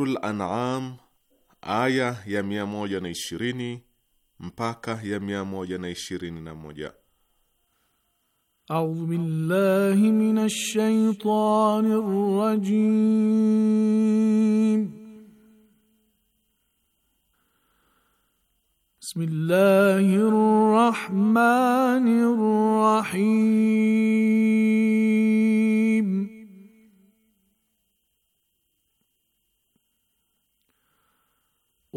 Suratul An'am aya ya na ishirini mpaka ya 121. A'udhu billahi minash shaitanir rajim. Bismillahir rahmanir rahim.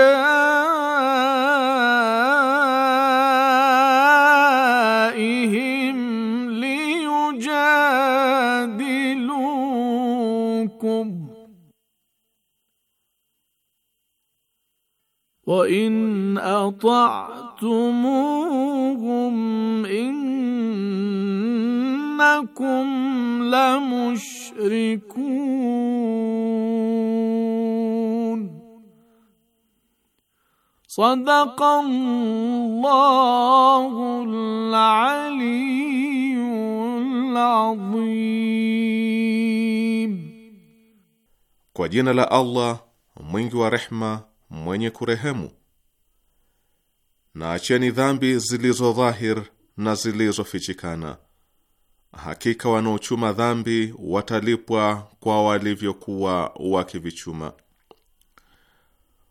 آبائهم ليجادلوكم وإن أطعتموهم إنكم لمشركون Sadaqallahul aliyyul adhim. Kwa jina la Allah mwingi wa rehma mwenye kurehemu. Na acheni dhambi zilizo dhahir na zilizofichikana. Hakika wanaochuma dhambi watalipwa kwa walivyokuwa wakivichuma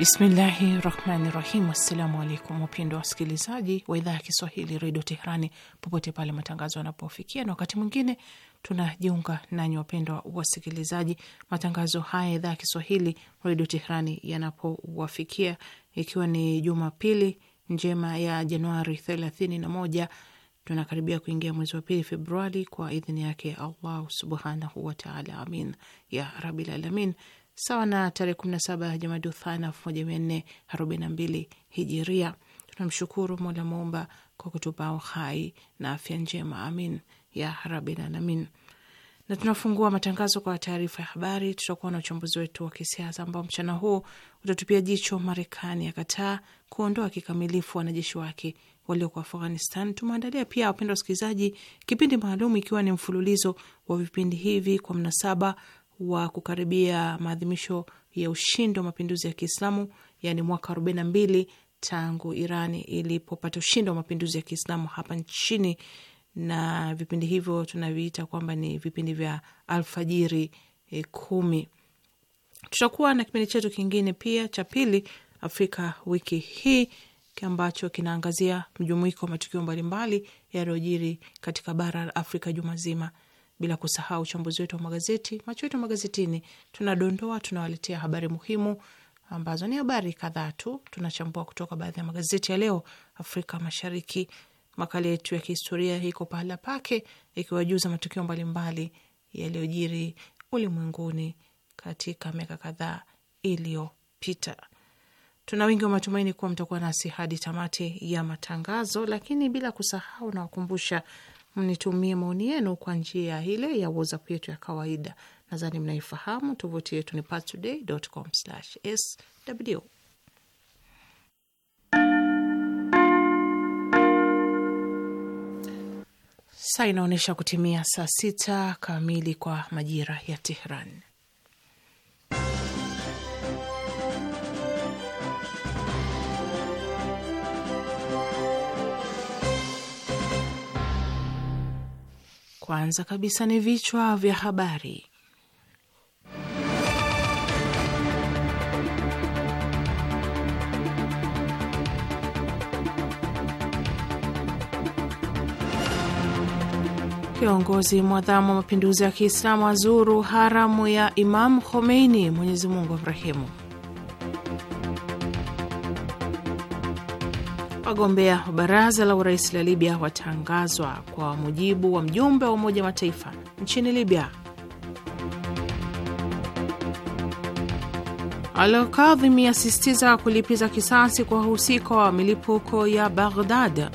Bismillahi rahmani rahim. Assalamu alaikum wapendwa wasikilizaji wa idhaa ya Kiswahili redio Teherani, popote pale matangazo yanapofikia, na wakati mwingine tunajiunga nanyi wapendwa wasikilizaji, matangazo haya idhaa ya Kiswahili redio Teherani yanapowafikia, ikiwa ni Jumapili njema ya Januari thelathini na moja, tunakaribia kuingia mwezi wa pili Februari, kwa idhini yake Allah subhanahu wataala, amin ya rabil alamin sawa na tarehe 17 Jamadi Uthani 1442 Hijiria. Tunamshukuru Mola Muumba kwa kutupa uhai na afya njema, amin ya rabbil alamin. Na tunafungua matangazo kwa taarifa ya habari. Tutakuwa na uchambuzi wetu wa kisiasa ambao mchana huu utatupia jicho Marekani ya kuondoa kikamilifu wanajeshi wake walioko Afghanistan. Tumeandalia pia, wapendwa wasikilizaji, kipindi maalum ikiwa ni mfululizo wa vipindi hivi kwa mnasaba wa kukaribia maadhimisho ya ushindi wa mapinduzi ya Kiislamu, yani mwaka 42 tangu iran ilipopata ushindi wa mapinduzi ya Kiislamu hapa nchini, na vipindi hivyo tunaviita kwamba ni vipindi vya alfajiri e, kumi. Tutakuwa na kipindi chetu kingine pia cha pili Afrika wiki hii ambacho kinaangazia mjumuiko wa matukio mbalimbali yaliyojiri katika bara la Afrika juma zima bila kusahau uchambuzi wetu wa magazeti, macho yetu magazetini. Tunadondoa, tunawaletea habari muhimu ambazo ni habari kadhaa tu, tunachambua kutoka baadhi ya magazeti ya leo Afrika Mashariki. Makala yetu ya kihistoria iko pahala pake, ikiwajuza matukio mbalimbali yaliyojiri ulimwenguni katika miaka kadhaa iliyopita. Tuna wingi wa matumaini kuwa mtakuwa nasi hadi tamati ya matangazo, lakini bila kusahau, nawakumbusha mnitumie maoni yenu kwa njia ile ya WhatsApp yetu ya kawaida. Nadhani mnaifahamu tovuti yetu ni parstoday.com/sw. Saa inaonyesha kutimia saa sita kamili kwa majira ya Tehran. Kwanza kabisa ni vichwa vya habari. Kiongozi mwadhamu wa mapinduzi ya Kiislamu azuru haramu ya Imam Khomeini, Mwenyezi Mungu Wagombea wa baraza la urais la Libya watangazwa kwa mujibu wa mjumbe wa Umoja Mataifa nchini Libya. Alkadhimi asisitiza kulipiza kisasi kwa wahusika wa milipuko ya Baghdad,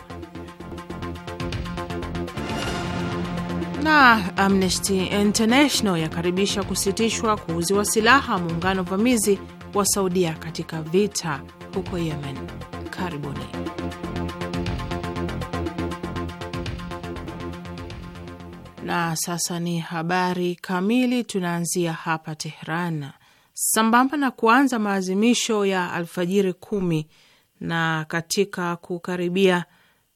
na Amnesty International yakaribisha kusitishwa kuuziwa silaha muungano vamizi wa Saudia katika vita huko Yemen. Karibuni. Na sasa ni habari kamili. Tunaanzia hapa Tehran. Sambamba na kuanza maazimisho ya alfajiri kumi na katika kukaribia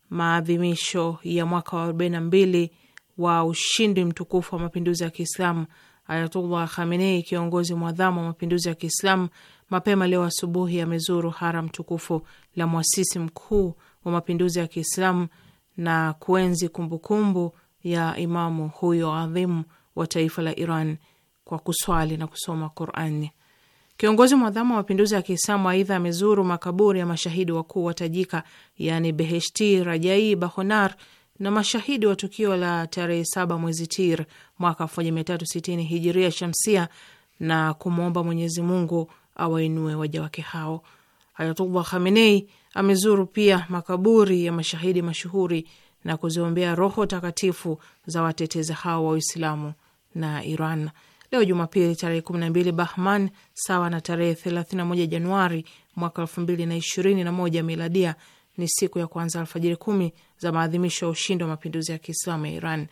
maadhimisho ya mwaka wa mbili wa ushindi mtukufu wa mapinduzi ya Kiislamu, Ayatullah Khamenei, kiongozi mwadhamu wa mapinduzi ya Kiislamu, mapema leo asubuhi amezuru haram tukufu la mwasisi mkuu wa mapinduzi ya Kiislamu na kuenzi kumbukumbu kumbu ya imamu huyo adhimu wa taifa la Iran kwa kuswali na kusoma Qurani. Kiongozi mwadhamu wa mapinduzi ya Kiislamu aidha amezuru makaburi ya mashahidi wakuu tajika, yani Beheshti, Rajai, Bahonar na mashahidi wa tukio la tarehe saba mwezi Tir mwaka sitini hijiria shamsia na kumwomba Mwenyezi Mungu awainue waja wake hao. Ayatullah Khamenei amezuru pia makaburi ya mashahidi mashuhuri na kuziombea roho takatifu za watetezi hao wa Uislamu na Iran. Leo Jumapili tarehe 12 Bahman sawa na tarehe 31 Januari mwaka 2021 miladia ni siku ya kwanza alfajiri kumi za maadhimisho ya ushindi wa mapinduzi ya Kiislamu ya Iran.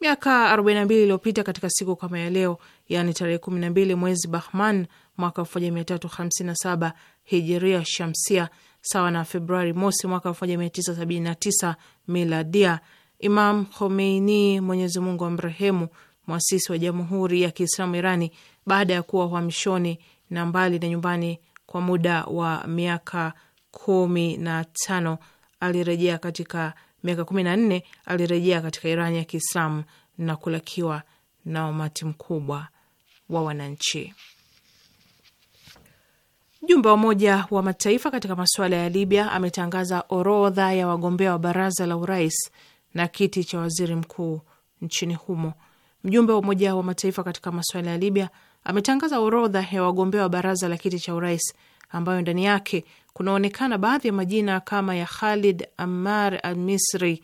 Miaka 42 iliyopita katika siku kama ya leo, yaani tarehe 12 mwezi Bahman mwaka 1357 hijiria shamsia sawa na Februari mosi mwaka tisa miladia. Imam Khomeini, Mwenyezi Mungu amrehemu, mwasisi wa Jamhuri ya Kiislamu Irani, baada ya kuwa uhamishoni na mbali na nyumbani kwa muda wa miaka kumi na tano alirejea katika miaka kumi na nne alirejea katika Irani ya Kiislamu na kulakiwa na umati mkubwa wa wananchi. Mjumbe wa Umoja wa Mataifa katika masuala ya Libya ametangaza orodha ya wagombea wa baraza la urais na kiti cha waziri mkuu nchini humo. Mjumbe wa Umoja wa Mataifa katika masuala ya Libya ametangaza orodha ya wagombea wa baraza la kiti cha urais ambayo ndani yake kunaonekana baadhi ya majina kama ya Khalid Ammar al Misri,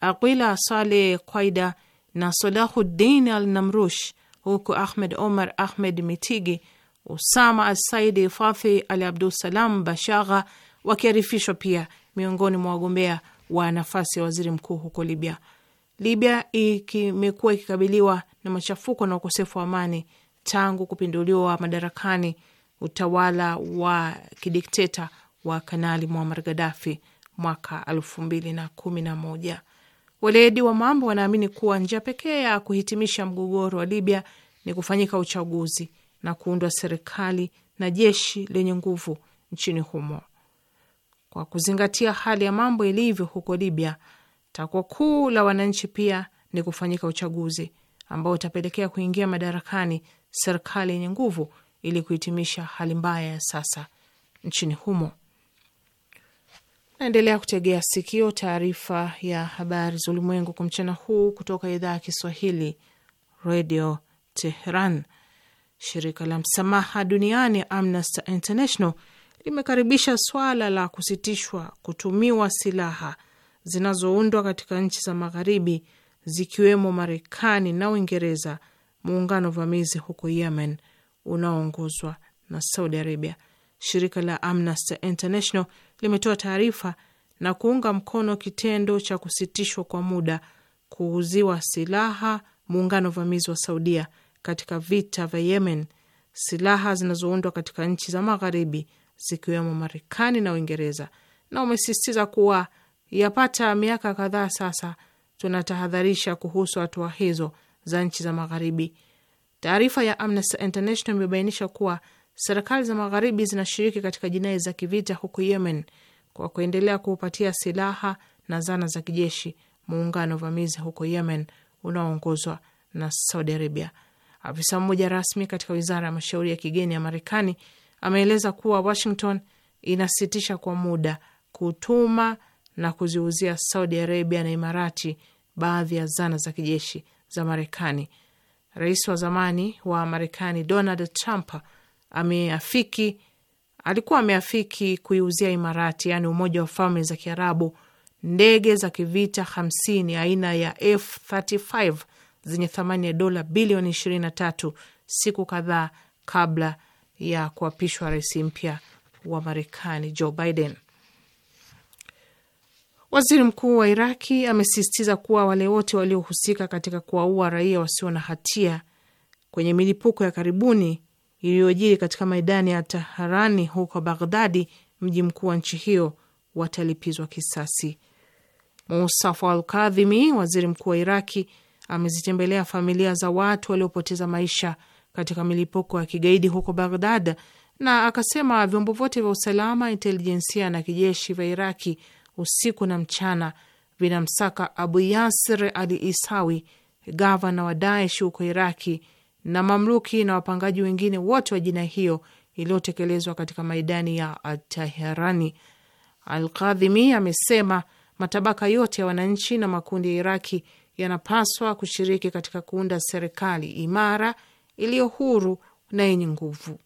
Aquila Saleh Kwaida na Salahuddin al Namrush, huku Ahmed Omar Ahmed Mitigi Usama Asaidi Fathi Ali Abdussalam Bashagha wakiarifishwa pia miongoni mwa wagombea wa nafasi ya waziri mkuu huko Libya. Libya imekuwa ikikabiliwa na machafuko na ukosefu wa amani tangu kupinduliwa madarakani utawala wa kidikteta wa Kanali Muammar Gaddafi mwaka elfu mbili na kumi na moja. Weledi wa mambo wanaamini kuwa njia pekee ya kuhitimisha mgogoro wa Libya ni kufanyika uchaguzi na kuundwa serikali na jeshi lenye nguvu nchini humo. Kwa kuzingatia hali ya mambo ilivyo huko Libya, takwa kuu la wananchi pia ni kufanyika uchaguzi ambao utapelekea kuingia madarakani serikali yenye nguvu ili kuhitimisha hali mbaya ya sasa nchini humo. Naendelea kutegea sikio taarifa ya habari za ulimwengu kwa mchana huu kutoka idhaa ya Kiswahili, Radio Tehran. Shirika la msamaha duniani Amnesty International limekaribisha swala la kusitishwa kutumiwa silaha zinazoundwa katika nchi za magharibi zikiwemo Marekani na Uingereza, muungano vamizi huko Yemen unaoongozwa na Saudi Arabia. Shirika la Amnesty International limetoa taarifa na kuunga mkono kitendo cha kusitishwa kwa muda kuuziwa silaha muungano vamizi wa Saudia katika vita vya Yemen, silaha zinazoundwa katika nchi za Magharibi zikiwemo Marekani na Uingereza, na umesisitiza kuwa yapata miaka kadhaa sasa tunatahadharisha kuhusu hatua hizo za nchi za Magharibi. Taarifa ya Amnesty International imebainisha kuwa serikali za Magharibi zinashiriki katika jinai za kivita huko Yemen kwa kuendelea kuupatia silaha na zana za kijeshi muungano uvamizi huko Yemen unaoongozwa na Saudi Arabia. Afisa mmoja rasmi katika wizara ya mashauri ya kigeni ya Marekani ameeleza kuwa Washington inasitisha kwa muda kutuma na kuziuzia Saudi Arabia na Imarati baadhi ya zana za kijeshi za Marekani. Rais wa zamani wa Marekani Donald Trump ameafiki, alikuwa ameafiki kuiuzia Imarati, yaani Umoja wa Falme za Kiarabu, ndege za kivita 50 aina ya F35 zenye thamani ya dola bilioni ishirini na tatu siku kadhaa kabla ya kuapishwa rais mpya wa Marekani Joe Biden. Waziri mkuu wa Iraki amesisitiza kuwa wale wote waliohusika katika kuwaua raia wasio na hatia kwenye milipuko ya karibuni iliyojiri katika maidani ya Taharani huko Baghdadi, mji mkuu wa nchi hiyo, watalipizwa kisasi. Musafu Al Kadhimi, waziri mkuu wa Iraki, amezitembelea familia za watu waliopoteza maisha katika milipuko ya kigaidi huko Baghdad, na akasema vyombo vyote vya usalama, intelijensia na kijeshi vya Iraki usiku na mchana vinamsaka Abu Yasir al Isawi, gavana wa Daesh huko Iraki, na mamluki na wapangaji wengine wote wa jina hiyo iliyotekelezwa katika maidani ya Altaherani. Alkadhimi amesema matabaka yote ya wananchi na makundi ya Iraki yanapaswa kushiriki katika kuunda serikali imara iliyo huru na yenye nguvu.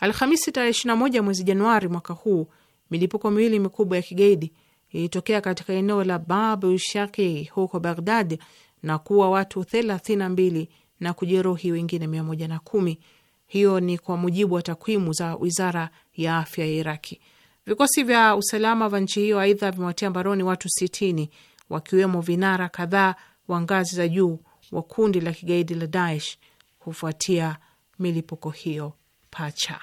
Alhamisi tarehe moja mwezi Januari mwaka huu, milipuko miwili mikubwa ya kigaidi ilitokea katika eneo la Babu Shaki huko Baghdad na kuwa watu 32 na kujeruhi wengine kumi. Hiyo ni kwa mujibu wa takwimu za wizara ya afya ya Iraki. Vikosi vya usalama vya nchi hiyo aidha vimewatia mbaroni watu sitini wakiwemo vinara kadhaa wa ngazi za juu wa kundi la kigaidi la Daesh kufuatia milipuko hiyo pacha.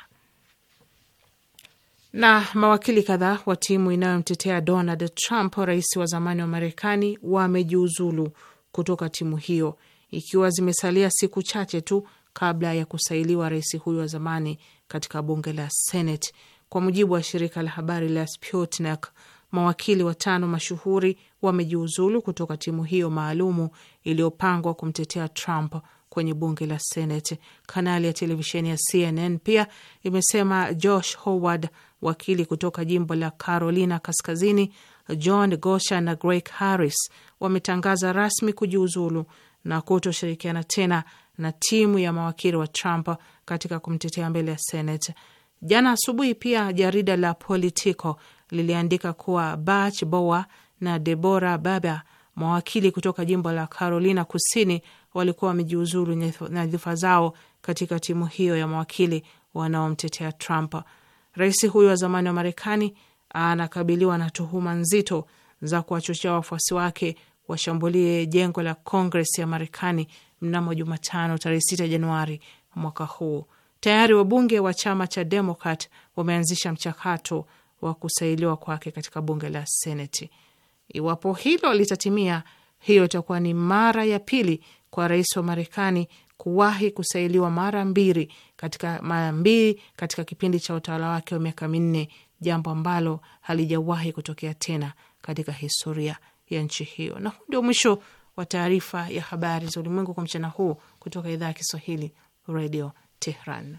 Na mawakili kadhaa wa timu inayomtetea Donald Trump, rais wa zamani wa Marekani, wamejiuzulu kutoka timu hiyo ikiwa zimesalia siku chache tu kabla ya kusailiwa rais huyo wa zamani katika bunge la Senate. Kwa mujibu wa shirika la habari la Sputnik, mawakili watano mashuhuri wamejiuzulu kutoka timu hiyo maalumu iliyopangwa kumtetea Trump kwenye bunge la Senate. Kanali ya televisheni ya CNN pia imesema Josh Howard, wakili kutoka jimbo la Carolina Kaskazini, John Gosha na Greg Harris wametangaza rasmi kujiuzulu na kutoshirikiana tena na timu ya mawakili wa Trump katika kumtetea mbele ya Senate. Jana asubuhi pia jarida la Politico liliandika kuwa Bach Bowa na Debora Baba, mawakili kutoka jimbo la Carolina Kusini, walikuwa wamejiuzuru nyadhifa zao katika timu hiyo ya mawakili wanaomtetea Trump. Rais huyo wa zamani wa Marekani anakabiliwa na tuhuma nzito za kuwachochea wafuasi wake washambulie jengo la Kongres ya Marekani mnamo Jumatano tarehe 6 Januari mwaka huu. Tayari wabunge wa chama cha Demokrat wameanzisha mchakato wa kusailiwa kwake katika bunge la Seneti. Iwapo hilo litatimia, hiyo itakuwa ni mara ya pili kwa rais wa Marekani kuwahi kusailiwa mara mbili katika mara mbili katika kipindi cha utawala wake wa miaka minne, jambo ambalo halijawahi kutokea tena katika historia ya nchi hiyo. Na huu ndio mwisho wa taarifa ya habari za ulimwengu kwa mchana huu kutoka idhaa ya Kiswahili, Radio Tehran.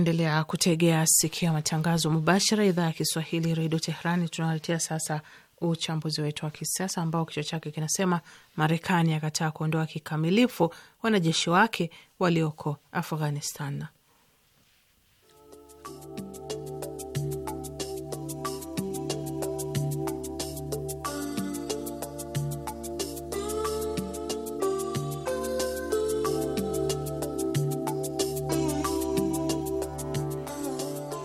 Mnaendelea kutegea sikio matangazo mubashara idhaa ya Kiswahili redio Teherani. Tunawaletea sasa uchambuzi wetu wa kisiasa ambao kichwa chake kinasema Marekani akataa kuondoa kikamilifu wanajeshi wake walioko Afghanistan.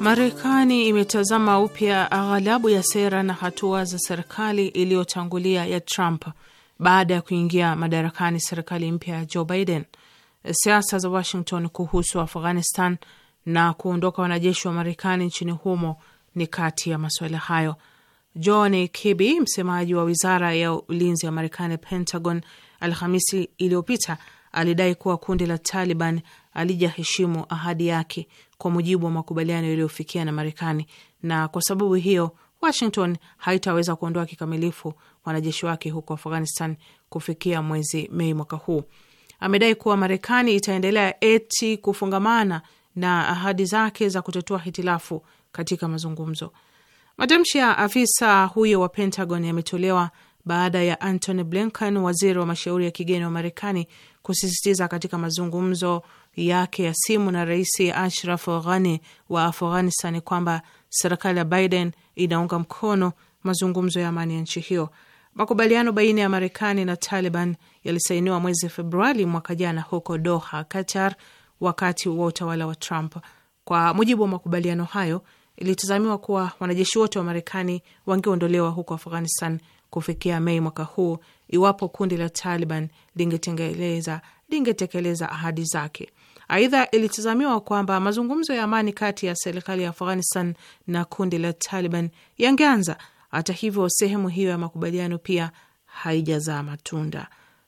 Marekani imetazama upya aghalabu ya sera na hatua za serikali iliyotangulia ya Trump baada ya kuingia madarakani serikali mpya ya Joe Biden. Siasa za Washington kuhusu Afghanistan na kuondoka wanajeshi wa Marekani nchini humo ni kati ya masuala hayo. John Kirby, msemaji wa wizara ya ulinzi ya Marekani, Pentagon, Alhamisi iliyopita alidai kuwa kundi la Taliban alijaheshimu ahadi yake kwa mujibu wa makubaliano yaliyofikia na Marekani, na kwa sababu hiyo Washington haitaweza kuondoa kikamilifu wanajeshi wake huko Afghanistan kufikia mwezi Mei mwaka huu. Amedai kuwa Marekani itaendelea eti kufungamana na ahadi zake za kutatua hitilafu katika mazungumzo. Matamshi ya afisa huyo wa Pentagon yametolewa baada ya Antony Blinken, waziri wa mashauri ya kigeni wa Marekani, kusisitiza katika mazungumzo yake ya simu na Rais Ashraf Ghani wa Afghanistan kwamba serikali ya Biden inaunga mkono mazungumzo ya amani ya nchi hiyo. Makubaliano baina ya Marekani na Taliban yalisainiwa mwezi Februari mwaka jana huko Doha, Qatar, wakati wa utawala wa Trump. Kwa mujibu wa makubaliano hayo, ilitazamiwa kuwa wanajeshi wote wa Marekani wangeondolewa huko Afghanistan kufikia Mei mwaka huu iwapo kundi la Taliban lingetengeleza lingetekeleza ahadi zake. Aidha, ilitazamiwa kwamba mazungumzo ya amani kati ya serikali ya Afghanistan na kundi la Taliban yangeanza. Hata hivyo, sehemu hiyo ya makubaliano pia haijazaa matunda.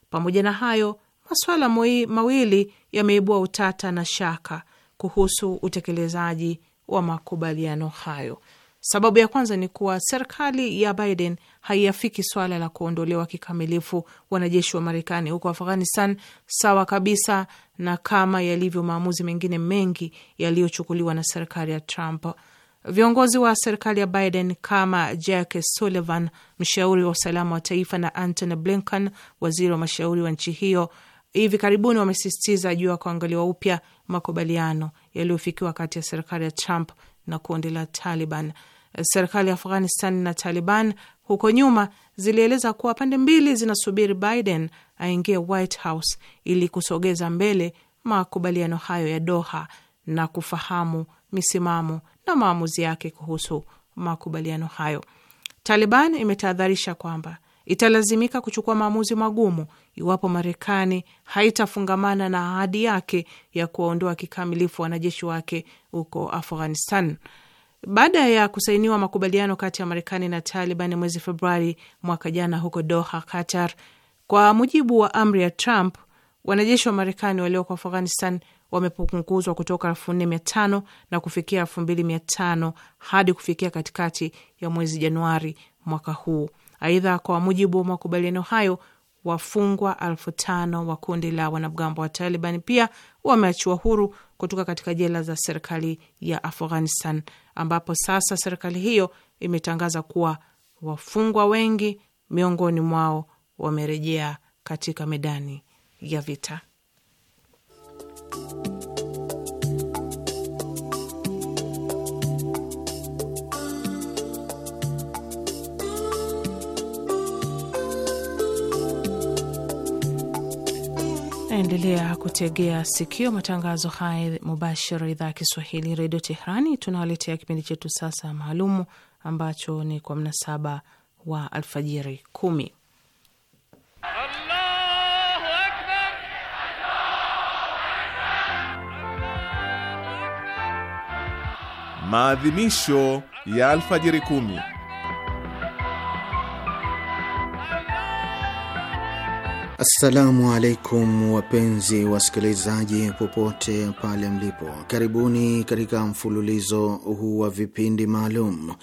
Pamoja na hayo, masuala mawili yameibua utata na shaka kuhusu utekelezaji wa makubaliano hayo. Sababu ya kwanza ni kuwa serikali ya Biden haiafiki swala la kuondolewa kikamilifu wanajeshi wa Marekani huko Afghanistan, sawa kabisa na kama yalivyo maamuzi mengine mengi yaliyochukuliwa na serikali ya Trump. Viongozi wa serikali ya Biden kama Jack Sullivan, mshauri wa usalama wa taifa, na Antony Blinken, waziri wa mashauri wa nchi hiyo, hivi karibuni wamesisitiza juu ya kuangaliwa upya makubaliano yaliyofikiwa kati ya serikali ya Trump na kundi la Taliban. Serikali ya Afghanistan na Taliban huko nyuma zilieleza kuwa pande mbili zinasubiri Biden aingie White House ili kusogeza mbele makubaliano hayo ya Doha na kufahamu misimamo na maamuzi yake kuhusu makubaliano hayo. Taliban imetahadharisha kwamba italazimika kuchukua maamuzi magumu iwapo Marekani haitafungamana na ahadi yake ya kuwaondoa kikamilifu wanajeshi wake huko Afghanistan. Baada ya kusainiwa makubaliano kati ya Marekani na Taliban mwezi Februari mwaka jana huko Doha, Qatar, kwa mujibu wa amri ya Trump, wanajeshi wa Marekani walioko Afghanistan wamepunguzwa kutoka elfu nne mia tano na kufikia elfu mbili mia tano hadi kufikia katikati ya mwezi Januari mwaka huu. Aidha, kwa mujibu wa makubaliano hayo, wafungwa elfu tano wa kundi la wanamgambo wa Taliban pia wameachiwa huru kutoka katika jela za serikali ya Afghanistan, ambapo sasa serikali hiyo imetangaza kuwa wafungwa wengi miongoni mwao wamerejea katika medani ya vita. Naendelea kutegea sikio matangazo haya mubashara, idhaa ya Kiswahili redio Teherani. Tunawaletea kipindi chetu sasa maalumu ambacho ni kwa mnasaba wa alfajiri kumi maadhimisho ya alfajiri kumi. Assalamu alaikum wapenzi wasikilizaji, popote pale mlipo, karibuni katika mfululizo huu wa vipindi maalum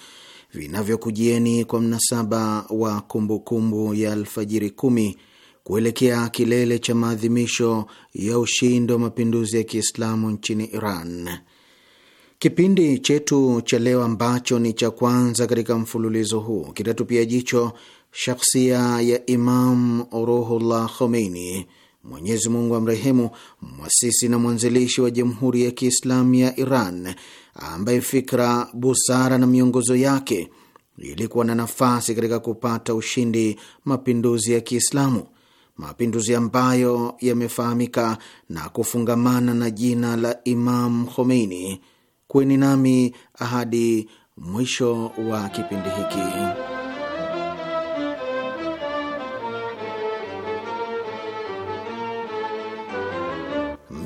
vinavyokujieni kwa mnasaba wa kumbukumbu kumbu ya Alfajiri kumi kuelekea kilele cha maadhimisho ya ushindi wa mapinduzi ya Kiislamu nchini Iran. Kipindi chetu cha leo ambacho ni cha kwanza katika mfululizo huu kitatupia jicho shakhsia ya Imam Ruhullah Khomeini, Mwenyezi Mungu amrehemu, mwasisi na mwanzilishi wa Jamhuri ya Kiislamu ya Iran, ambaye fikra, busara na miongozo yake ilikuwa na nafasi katika kupata ushindi mapinduzi ya Kiislamu, mapinduzi ambayo yamefahamika na kufungamana na jina la Imam Khomeini. kweni nami ahadi mwisho wa kipindi hiki.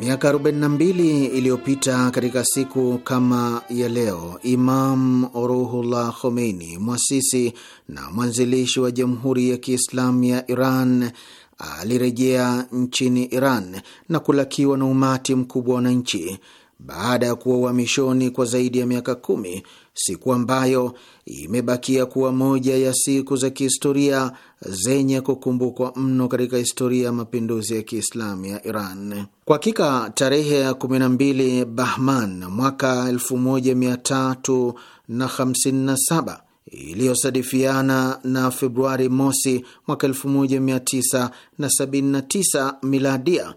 Miaka 42 iliyopita katika siku kama ya leo, Imam Ruhullah Khomeini, mwasisi na mwanzilishi wa Jamhuri ya Kiislamu ya Iran, alirejea nchini Iran na kulakiwa na umati mkubwa wa wananchi baada ya kuwa uhamishoni kwa zaidi ya miaka kumi siku ambayo imebakia kuwa moja ya siku za kihistoria zenye kukumbukwa mno katika historia ya mapinduzi ya Kiislamu ya Iran. Kwa hakika tarehe ya 12 Bahman mwaka 1357 iliyosadifiana na Februari mosi mwaka 1979 miladia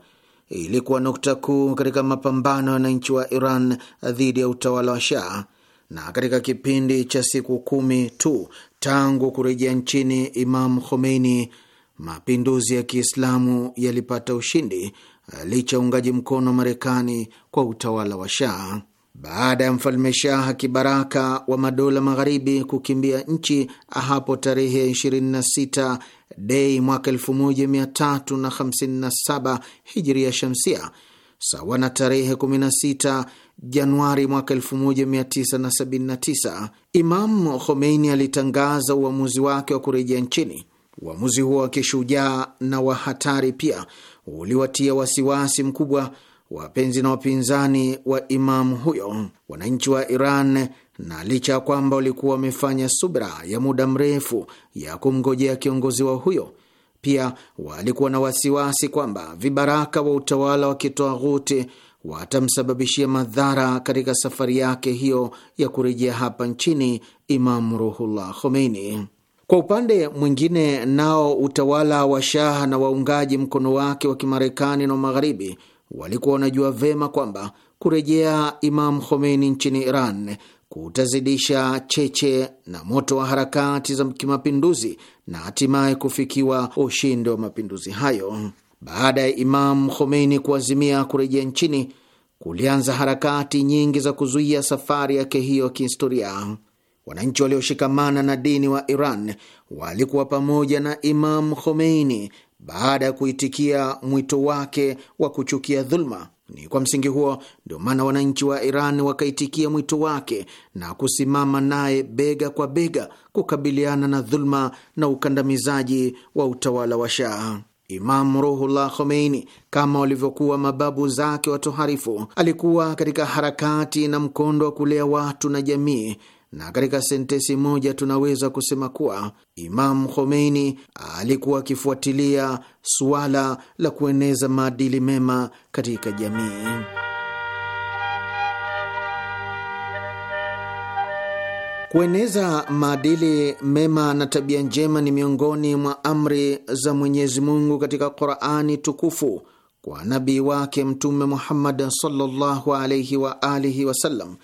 ilikuwa nukta kuu katika mapambano ya wananchi wa Iran dhidi ya utawala wa Shah na katika kipindi cha siku kumi tu tangu kurejea nchini Imam Khomeini, mapinduzi ya Kiislamu yalipata ushindi licha uungaji mkono wa Marekani kwa utawala wa Shah. Baada ya mfalme Shah kibaraka wa madola magharibi kukimbia nchi hapo tarehe 26 Dei mwaka 1357 Hijria Shamsia, sawa na tarehe 16 Januari mwaka 1979 Imam Khomeini alitangaza uamuzi wake wa kurejea nchini. Uamuzi huo wa kishujaa na wa hatari pia uliwatia wasiwasi mkubwa wapenzi na wapinzani wa imamu huyo, wananchi wa Iran, na licha ya kwamba walikuwa wamefanya subra ya muda mrefu ya kumngojea kiongozi wa huyo, pia walikuwa na wasiwasi kwamba vibaraka wa utawala wa ghuti watamsababishia madhara katika safari yake hiyo ya kurejea hapa nchini Imam Ruhullah Khomeini. Kwa upande mwingine, nao utawala wa shaha na waungaji mkono wake wa Kimarekani na Magharibi walikuwa wanajua vema kwamba kurejea Imam Khomeini nchini Iran kutazidisha cheche na moto wa harakati za kimapinduzi na hatimaye kufikiwa ushindi wa mapinduzi hayo. Baada ya Imam Khomeini kuazimia kurejea nchini, kulianza harakati nyingi za kuzuia safari yake hiyo kihistoria. Wananchi walioshikamana na dini wa Iran walikuwa pamoja na Imam Khomeini baada ya kuitikia mwito wake wa kuchukia dhuluma. Ni kwa msingi huo ndio maana wananchi wa Iran wakaitikia mwito wake na kusimama naye bega kwa bega kukabiliana na dhuluma na ukandamizaji wa utawala wa Shaha. Imam Ruhullah Khomeini, kama walivyokuwa mababu zake watoharifu, alikuwa katika harakati na mkondo wa kulea watu na jamii, na katika sentesi moja tunaweza kusema kuwa Imam Khomeini alikuwa akifuatilia suala la kueneza maadili mema katika jamii. Kueneza maadili mema na tabia njema ni miongoni mwa amri za Mwenyezi Mungu katika Qurani tukufu kwa nabii wake Mtume Muhammad sallallahu alaihi wa alihi wasallam,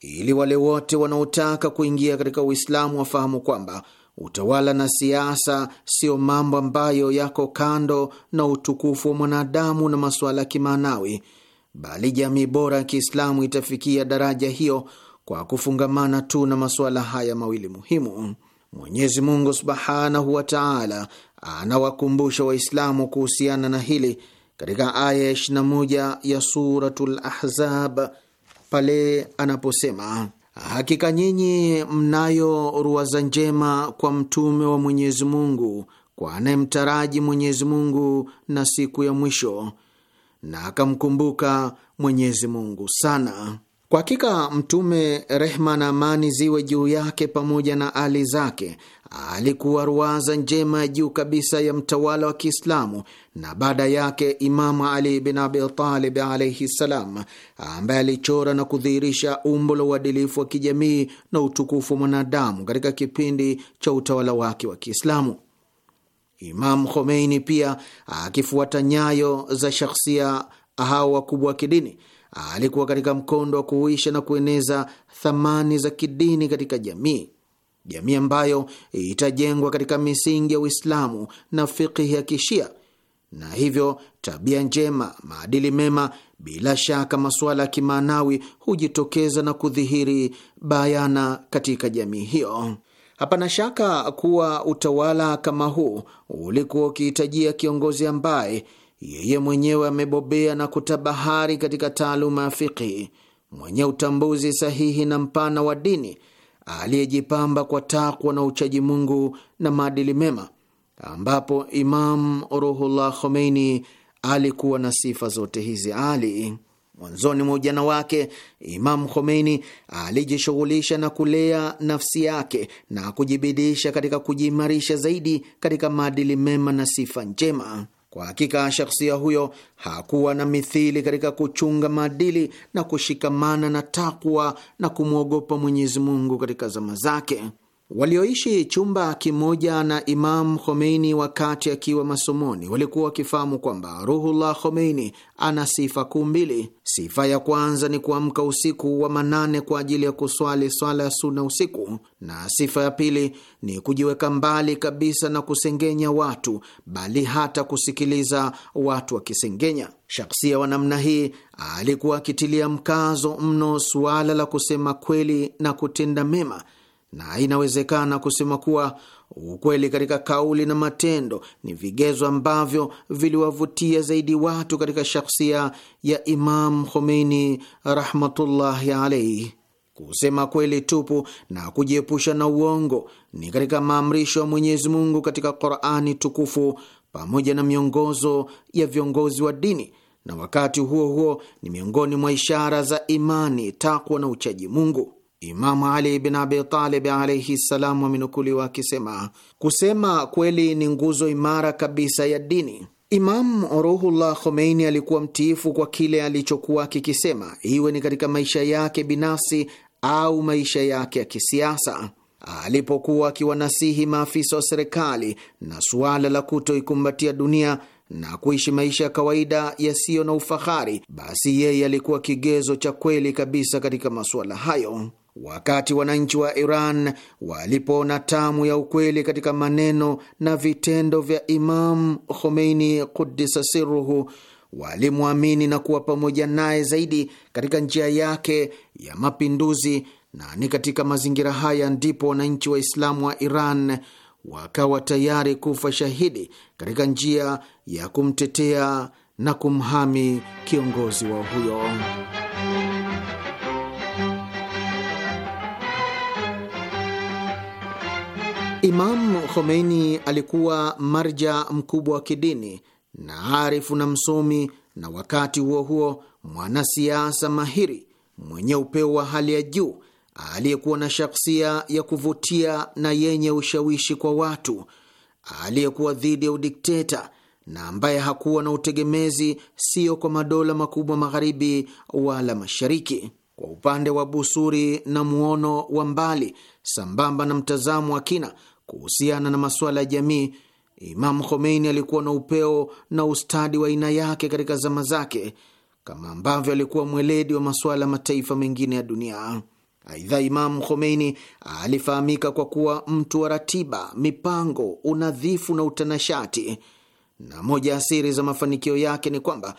ili wale wote wanaotaka kuingia katika Uislamu wafahamu kwamba utawala na siasa siyo mambo ambayo yako kando na utukufu wa mwanadamu na masuala ya kimaanawi, bali jamii bora ya Kiislamu itafikia daraja hiyo kwa kufungamana tu na masuala haya mawili muhimu. Mwenyezi Mungu subhanahu wa taala anawakumbusha Waislamu kuhusiana na hili katika aya ya 21 ya Suratul Ahzab pale anaposema, hakika nyinyi mnayo ruwaza njema kwa mtume wa Mwenyezi Mungu kwa anayemtaraji Mwenyezi Mungu na siku ya mwisho na akamkumbuka Mwenyezi Mungu sana. Kwa hakika Mtume, rehma na amani ziwe juu yake pamoja na ali zake, alikuwa ruwaza njema ya juu kabisa ya mtawala wa Kiislamu na baada yake Imamu Ali bin Abi Talib alaihi ssalam, ambaye alichora na kudhihirisha umbo la uadilifu wa kijamii na utukufu wa mwanadamu katika kipindi cha utawala wake wa Kiislamu. Imamu Khomeini pia akifuata nyayo za shakhsia hao wakubwa wa kidini alikuwa katika mkondo wa kuuisha na kueneza thamani za kidini katika jamii, jamii ambayo itajengwa katika misingi ya Uislamu na fikihi ya Kishia, na hivyo tabia njema, maadili mema, bila shaka masuala ya kimaanawi hujitokeza na kudhihiri bayana katika jamii hiyo. Hapana shaka kuwa utawala kama huu ulikuwa ukihitajia kiongozi ambaye yeye mwenyewe amebobea na kutabahari katika taaluma ya fiqhi, mwenye utambuzi sahihi na mpana wa dini, aliyejipamba kwa takwa na uchaji Mungu na maadili mema, ambapo Imam Ruhullah Khomeini alikuwa na sifa zote hizi ali. Mwanzoni mwa ujana wake Imam Khomeini alijishughulisha na kulea nafsi yake na kujibidisha katika kujiimarisha zaidi katika maadili mema na sifa njema. Kwa hakika shakhsia huyo hakuwa na mithili katika kuchunga maadili na kushikamana na takwa na kumwogopa Mwenyezi Mungu katika zama zake walioishi chumba kimoja na Imam Khomeini wakati akiwa masomoni walikuwa wakifahamu kwamba Ruhullah Khomeini ana sifa kuu mbili. Sifa ya kwanza ni kuamka usiku wa manane kwa ajili ya kuswali swala ya suna usiku, na sifa ya pili ni kujiweka mbali kabisa na kusengenya watu, bali hata kusikiliza watu wakisengenya. Shaksia wa namna hii alikuwa akitilia mkazo mno suala la kusema kweli na kutenda mema na inawezekana kusema kuwa ukweli katika kauli na matendo ni vigezo ambavyo viliwavutia zaidi watu katika shakhsia ya Imam Khomeini rahmatullahi alaihi. Kusema kweli tupu na kujiepusha na uongo ni katika maamrisho ya Mwenyezi Mungu katika Qurani tukufu pamoja na miongozo ya viongozi wa dini, na wakati huo huo ni miongoni mwa ishara za imani, takwa na uchaji Mungu. Imamu Ali bin Abi Talib alaihi ssalam amenukuliwa akisema, kusema kweli ni nguzo imara kabisa ya dini. Imamu Ruhullah Khomeini alikuwa mtiifu kwa kile alichokuwa kikisema, iwe ni katika maisha yake binafsi au maisha yake ya kisiasa. Alipokuwa akiwanasihi maafisa wa serikali na suala la kutoikumbatia dunia na kuishi maisha ya kawaida yasiyo na ufahari, basi yeye alikuwa kigezo cha kweli kabisa katika masuala hayo. Wakati wananchi wa Iran walipoona tamu ya ukweli katika maneno na vitendo vya Imam Khomeini Kudisa Siruhu, walimwamini na kuwa pamoja naye zaidi katika njia yake ya mapinduzi, na ni katika mazingira haya ndipo wananchi Waislamu wa Iran wakawa tayari kufa shahidi katika njia ya kumtetea na kumhami kiongozi wao huyo. Imam Khomeini alikuwa marja mkubwa wa kidini na arifu na msomi, na wakati huo huo mwanasiasa mahiri mwenye upeo wa hali ya juu aliyekuwa na shaksia ya kuvutia na yenye ushawishi kwa watu, aliyekuwa dhidi ya udikteta na ambaye hakuwa na utegemezi, sio kwa madola makubwa magharibi wala mashariki. Kwa upande wa busuri na muono wa mbali sambamba na mtazamo wa kina, Kuhusiana na masuala ya jamii, Imamu Khomeini alikuwa na upeo na ustadi wa aina yake katika zama zake, kama ambavyo alikuwa mweledi wa masuala ya mataifa mengine ya dunia. Aidha, Imamu Khomeini alifahamika kwa kuwa mtu wa ratiba, mipango, unadhifu na utanashati, na moja ya siri za mafanikio yake ni kwamba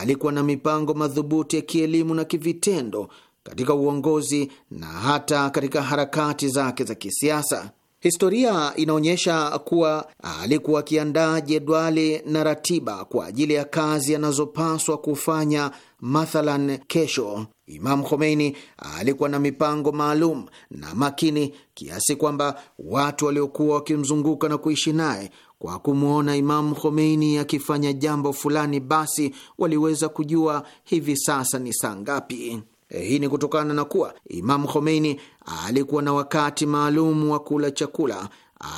alikuwa na mipango madhubuti ya kielimu na kivitendo katika uongozi na hata katika harakati zake za kisiasa. Historia inaonyesha kuwa alikuwa akiandaa jedwali na ratiba kwa ajili ya kazi anazopaswa kufanya. Mathalan, kesho Imam Khomeini alikuwa na mipango maalum na makini kiasi kwamba watu waliokuwa wakimzunguka na kuishi naye kwa kumwona Imamu Khomeini akifanya jambo fulani, basi waliweza kujua hivi sasa ni saa ngapi. Eh, hii ni kutokana na kuwa Imamu Khomeini alikuwa na wakati maalum wa kula chakula,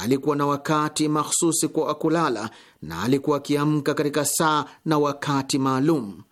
alikuwa na wakati mahsusi kwa kulala na alikuwa akiamka katika saa na wakati maalum.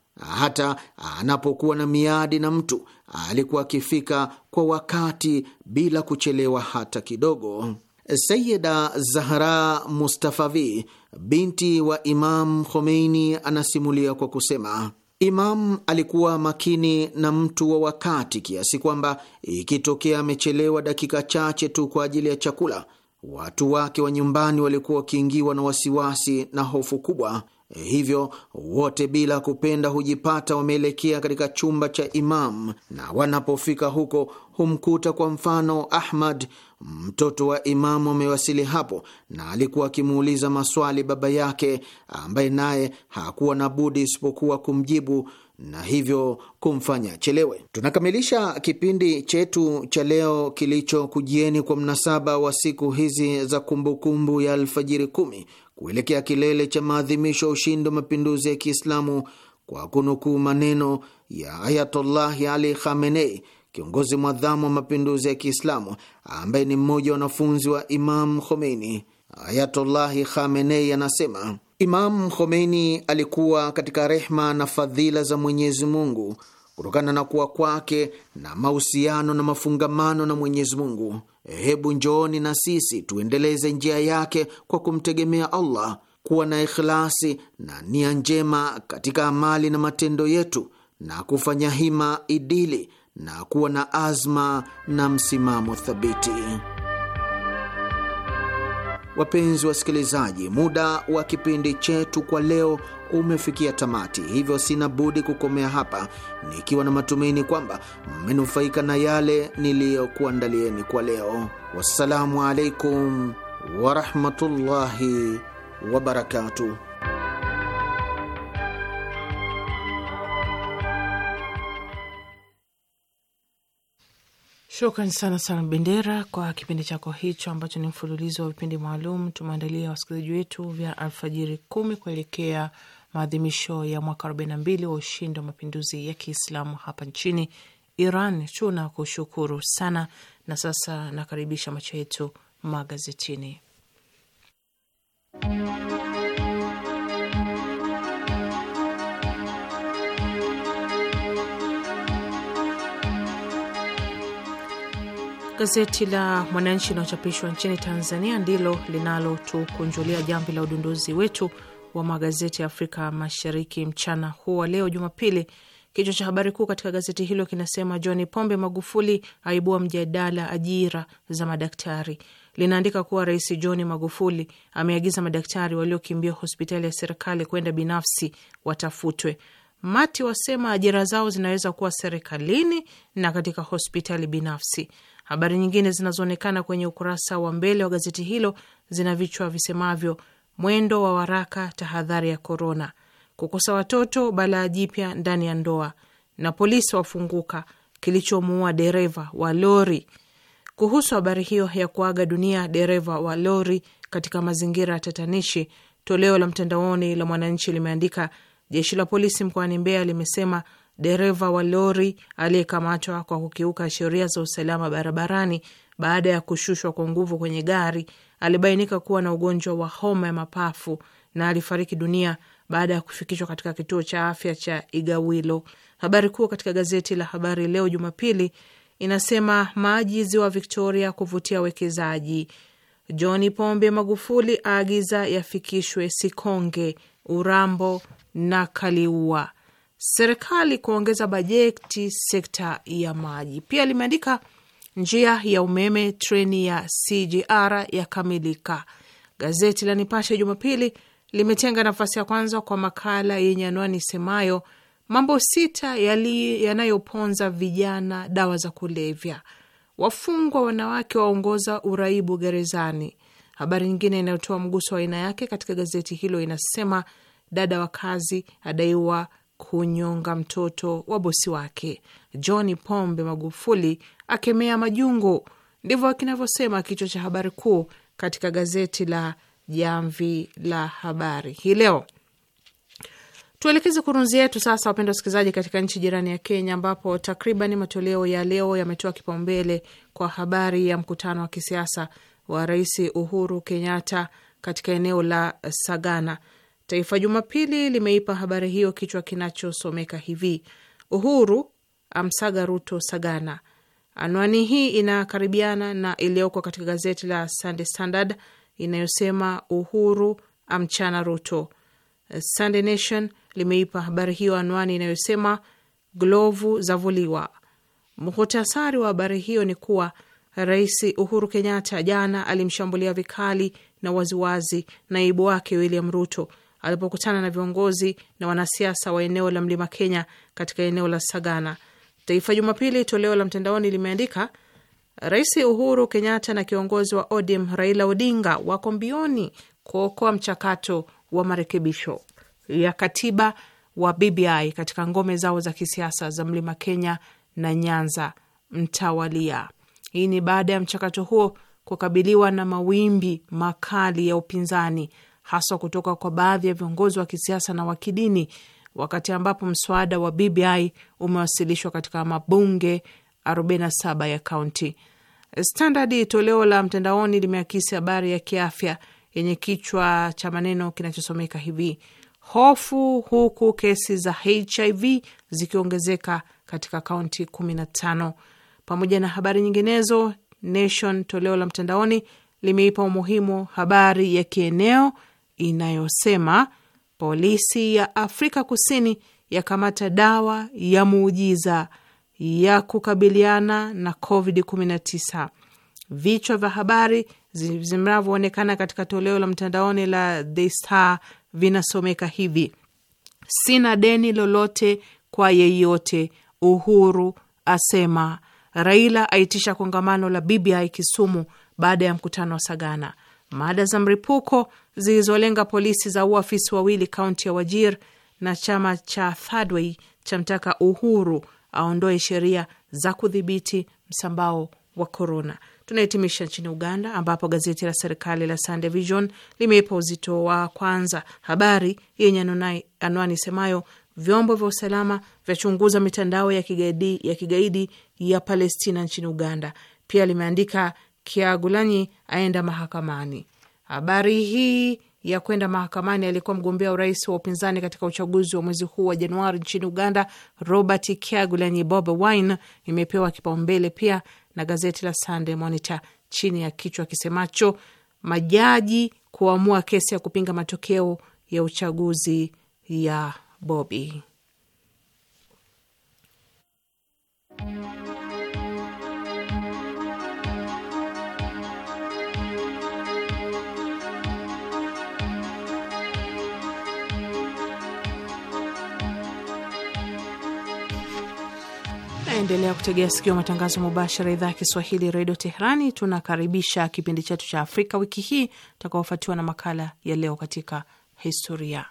Hata anapokuwa na miadi na mtu, alikuwa akifika kwa wakati bila kuchelewa hata kidogo. Sayida Zahra Mustafavi, binti wa Imam Khomeini, anasimulia kwa kusema Imam alikuwa makini na mtu wa wakati kiasi kwamba ikitokea amechelewa dakika chache tu kwa ajili ya chakula, watu wake wa nyumbani walikuwa wakiingiwa na wasiwasi na hofu kubwa. Hivyo wote bila kupenda hujipata wameelekea katika chumba cha Imam, na wanapofika huko humkuta kwa mfano Ahmad mtoto wa Imamu amewasili hapo, na alikuwa akimuuliza maswali baba yake, ambaye naye hakuwa na budi isipokuwa kumjibu na hivyo kumfanya chelewe Tunakamilisha kipindi chetu cha leo kilichokujieni kwa mnasaba wa siku hizi za kumbukumbu ya Alfajiri Kumi kuelekea kilele cha maadhimisho ya ushindi wa mapinduzi ya Kiislamu kwa kunukuu maneno ya Ayatollahi Ali Khamenei, kiongozi mwadhamu wa mapinduzi ya Kiislamu ambaye ni mmoja wa wanafunzi wa Imam Khomeini. Ayatollahi Khamenei anasema Imam Khomeini alikuwa katika rehma na fadhila za Mwenyezi Mungu kutokana na kuwa kwake na mahusiano na mafungamano na Mwenyezi Mungu. Hebu njooni na sisi tuendeleze njia yake kwa kumtegemea Allah, kuwa na ikhlasi na nia njema katika amali na matendo yetu, na kufanya hima idili na kuwa na azma na msimamo thabiti. Wapenzi wasikilizaji, muda wa kipindi chetu kwa leo umefikia tamati, hivyo sina budi kukomea hapa nikiwa na matumaini kwamba mmenufaika na yale niliyokuandalieni kwa leo. Wassalamu alaikum warahmatullahi wabarakatuh. Shukran sana sana Bendera kwa kipindi chako hicho ambacho ni mfululizo wa vipindi maalum tumeandalia wasikilizaji wetu vya alfajiri kumi kuelekea maadhimisho ya mwaka 42 wa ushindi wa mapinduzi ya Kiislamu hapa nchini Iran. Tuna kushukuru sana, na sasa nakaribisha macho yetu magazetini Gazeti la Mwananchi linalochapishwa nchini Tanzania ndilo linalotukunjulia jamvi la udunduzi wetu wa magazeti ya Afrika Mashariki mchana huu wa leo Jumapili. Kichwa cha habari kuu katika gazeti hilo kinasema John Pombe Magufuli aibua mjadala ajira za madaktari. Linaandika kuwa Rais John Magufuli ameagiza madaktari waliokimbia hospitali ya serikali kwenda binafsi watafutwe. Mati wasema ajira zao zinaweza kuwa serikalini na katika hospitali binafsi. Habari nyingine zinazoonekana kwenye ukurasa wa mbele wa gazeti hilo zina vichwa visemavyo: mwendo wa waraka, tahadhari ya korona, kukosa watoto, balaa jipya ndani ya ndoa, na polisi wafunguka kilichomuua dereva wa lori. Kuhusu habari hiyo ya kuaga dunia dereva wa lori katika mazingira ya tatanishi, toleo la mtandaoni la Mwananchi limeandika jeshi la polisi mkoani Mbeya limesema dereva wa lori aliyekamatwa kwa kukiuka sheria za usalama barabarani baada ya kushushwa kwa nguvu kwenye gari alibainika kuwa na ugonjwa wa homa ya mapafu na alifariki dunia baada ya kufikishwa katika kituo cha afya cha Igawilo. Habari kuu katika gazeti la Habari Leo Jumapili inasema maji ziwa Victoria kuvutia wekezaji. John Pombe Magufuli aagiza yafikishwe Sikonge, Urambo na Kaliua serikali kuongeza bajeti sekta ya maji. Pia limeandika njia ya umeme treni ya cgr yakamilika. Gazeti la Nipashe Jumapili limetenga nafasi ya kwanza kwa makala yenye anwani semayo mambo sita yanayoponza vijana dawa za kulevya, wafungwa wanawake waongoza uraibu gerezani. Habari nyingine inayotoa mguso wa aina yake katika gazeti hilo inasema dada wa kazi adaiwa kunyonga mtoto wa bosi wake John Pombe Magufuli, akemea majungu. Ndivyo kinavyosema kichwa cha habari kuu katika gazeti la Jamvi la Habari hii leo. Tuelekeze kurunzi yetu sasa, wapenda wasikilizaji, katika nchi jirani ya Kenya, ambapo takriban matoleo ya leo yametoa kipaumbele kwa habari ya mkutano wa kisiasa wa Rais Uhuru Kenyatta katika eneo la Sagana. Taifa Jumapili limeipa habari hiyo kichwa kinachosomeka hivi: Uhuru amsaga Ruto sagana. Anwani hii inakaribiana na iliyoko katika gazeti la Sunday Standard inayosema Uhuru amchana Ruto. Sunday Nation limeipa habari hiyo anwani inayosema glovu zavuliwa. Muhutasari wa habari hiyo ni kuwa Rais Uhuru Kenyatta jana alimshambulia vikali na waziwazi naibu wake William Ruto alipokutana na viongozi na wanasiasa wa eneo la mlima Kenya katika eneo la Sagana. Taifa Jumapili toleo la mtandaoni limeandika Rais Uhuru Kenyatta na kiongozi wa ODM Raila Odinga wako mbioni kuokoa mchakato wa marekebisho ya katiba wa BBI katika ngome zao za kisiasa za mlima Kenya na Nyanza mtawalia. Hii ni baada ya mchakato huo kukabiliwa na mawimbi makali ya upinzani haswa kutoka kwa baadhi ya viongozi wa kisiasa na wa kidini, wakati ambapo mswada wa BBI umewasilishwa katika mabunge 47 ya kaunti. Standard toleo la mtandaoni limeakisi habari ya kiafya yenye kichwa cha maneno kinachosomeka hivi: hofu huku kesi za HIV zikiongezeka katika kaunti 15. Pamoja na habari nyinginezo, Nation toleo la mtandaoni limeipa umuhimu habari ya kieneo inayosema polisi ya Afrika Kusini yakamata dawa ya muujiza ya kukabiliana na COVID-19. Vichwa vya habari zinavyoonekana katika toleo la mtandaoni la The Star vinasomeka hivi: sina deni lolote kwa yeyote, Uhuru asema. Raila aitisha kongamano la BBI Kisumu baada ya mkutano wa Sagana. Mada za mripuko zilizolenga polisi za uafisi wawili kaunti ya Wajir, na chama cha Thirdway mtaka Uhuru aondoe sheria za kudhibiti msambao wa korona. Tunahitimisha nchini Uganda, ambapo gazeti la serikali la Sunday Vision limeipa uzito wa kwanza habari yenye anwani isemayo vyombo vya usalama vyachunguza mitandao ya kigaidi, ya kigaidi ya Palestina nchini Uganda. Pia limeandika Kiagulanyi aenda mahakamani. Habari hii ya kwenda mahakamani alikuwa mgombea urais wa upinzani katika uchaguzi wa mwezi huu wa Januari nchini Uganda, Robert Kyagulanyi bob Wine, imepewa kipaumbele pia na gazeti la Sunday Monitor chini ya kichwa kisemacho majaji kuamua kesi ya kupinga matokeo ya uchaguzi ya Bobi. Endelea kutegea sikio matangazo mubashara idhaa ya Kiswahili redio Teherani. Tunakaribisha kipindi chetu cha Afrika wiki hii utakaofuatiwa na makala ya leo katika historia.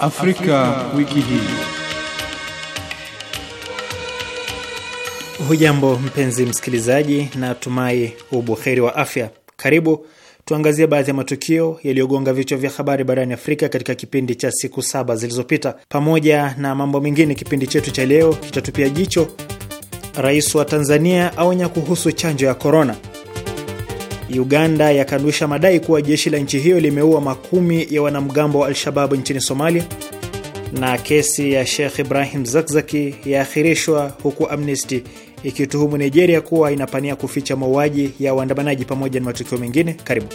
Afrika, Afrika wiki hii. Hujambo mpenzi msikilizaji, na tumai ubuheri wa afya. Karibu tuangazie baadhi ya matukio yaliyogonga vichwa vya habari barani Afrika katika kipindi cha siku saba zilizopita. Pamoja na mambo mengine, kipindi chetu cha leo kitatupia jicho rais wa Tanzania aonya kuhusu chanjo ya korona, Uganda yakanusha madai kuwa jeshi la nchi hiyo limeua makumi ya wanamgambo wa Al-Shababu nchini Somalia, na kesi ya Sheikh Ibrahim Zakzaki yaakhirishwa huku Amnesty ikituhumu Nigeria kuwa inapania kuficha mauaji ya waandamanaji pamoja na matukio mengine. Karibu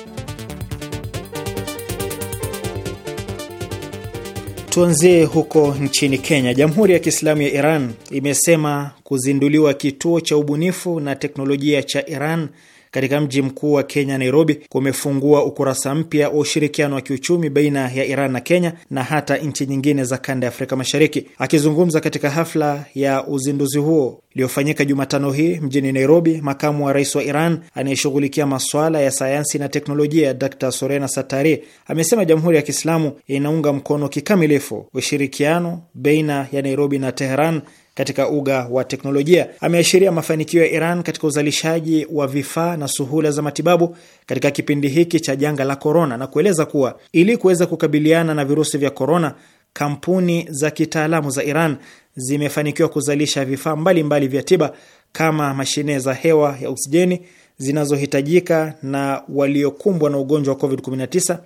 tuanzie huko nchini Kenya. Jamhuri ya Kiislamu ya Iran imesema kuzinduliwa kituo cha ubunifu na teknolojia cha Iran katika mji mkuu wa Kenya, Nairobi, kumefungua ukurasa mpya wa ushirikiano wa kiuchumi baina ya Iran na Kenya na hata nchi nyingine za kanda ya Afrika Mashariki. Akizungumza katika hafla ya uzinduzi huo iliyofanyika Jumatano hii mjini Nairobi, makamu wa rais wa Iran anayeshughulikia masuala ya sayansi na teknolojia Dr Sorena Satari amesema Jamhuri ya Kiislamu inaunga mkono kikamilifu ushirikiano baina ya Nairobi na Teheran katika uga wa teknolojia. Ameashiria mafanikio ya Iran katika uzalishaji wa vifaa na suhula za matibabu katika kipindi hiki cha janga la korona, na kueleza kuwa ili kuweza kukabiliana na virusi vya korona, kampuni za kitaalamu za Iran zimefanikiwa kuzalisha vifaa mbalimbali vya tiba kama mashine za hewa ya oksijeni zinazohitajika na waliokumbwa na ugonjwa wa COVID-19,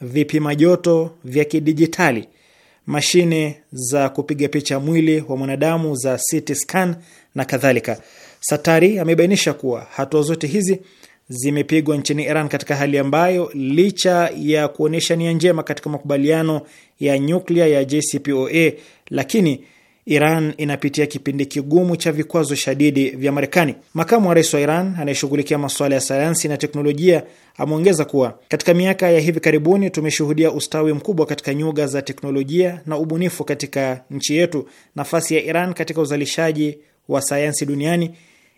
vipima joto vya kidijitali mashine za kupiga picha mwili wa mwanadamu za CT scan na kadhalika. Satari amebainisha kuwa hatua zote hizi zimepigwa nchini Iran katika hali ambayo licha ya kuonyesha nia njema katika makubaliano ya nyuklia ya JCPOA, lakini Iran inapitia kipindi kigumu cha vikwazo shadidi vya Marekani. Makamu wa rais wa Iran anayeshughulikia masuala ya sayansi na teknolojia ameongeza kuwa katika miaka ya hivi karibuni tumeshuhudia ustawi mkubwa katika nyuga za teknolojia na ubunifu katika nchi yetu. Nafasi ya Iran katika uzalishaji wa sayansi duniani